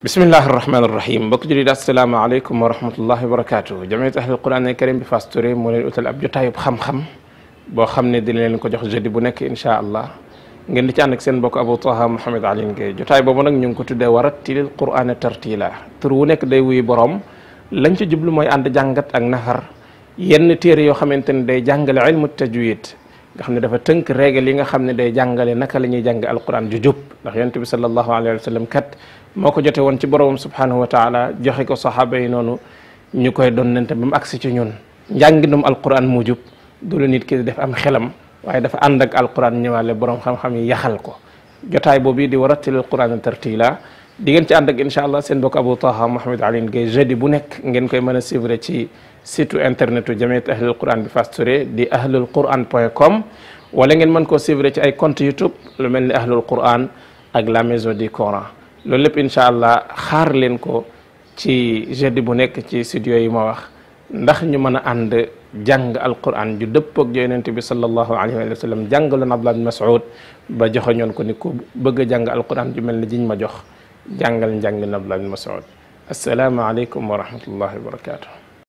bismillahi irrahmani irrahim mbokk jullit asalaamaaleykum wa rahmatullahi wa barakatuh jamiat ahlul quran al karim bi Fass Touré jotaayub xam-xam boo xam ne dina leen ko jox jeudi bu nekk inchaa allah ngeen di ci ànd ak seen mbokk Abou Taha Mouhamed Alioune Gueye jotaay boobu nag ñu ngi ko tuddee warattilil qur'ana tartila tur wu nekk day wuy borom lañ ci jublu mooy ànd jàngat ak nafar yenn téere yoo xamante ne day jàngale ilmu tajwid nga xam ne dafa tënk règle yi nga xam ne day jàngale naka la ñuy jàng alquran ju jub ndax yonent bi sallallahu alayhi wa sallam kat moo ko jote woon ci boromam subhanahu wa taala joxe ko saxaaba yi noonu ñu koy donnante ba mu agsi ci ñun njàngindum alquran mu jub du lu nit ki def am xelam waaye dafa ànd ak alquran ñëwaale borom xam-xam yi yaxal ko jotaay boobu di warattil alquran tartila di ngeen ci ànd ak incha allah seen bokk Abou Taha Mouhamed Alioune Guèye jeudi bu nekk ngeen koy mën a suivre ci site internet u jamiat ahlul quran bi Fass Touré di ahlul quran point com wala ngeen mën koo suivre ci ay compte youtube lu mel ni ahlul quran ak la maison du coran loolu lépp incha allah xaar leen ko ci jeudi bu nekk ci studio yi ma wax ndax ñu mën ànd jàng alquran ju dëppoog yonent bi sallallahu alayhi wa sallam jàngaloon Abdullah bin Mas'ud ba joxoñoon ko ni ko bëgg jàng alquran ju melni ni jiñ ma jox jàngal njàngin Abdullah mas'ud assalamu alaykum wa rahmatullahi wa barakatuh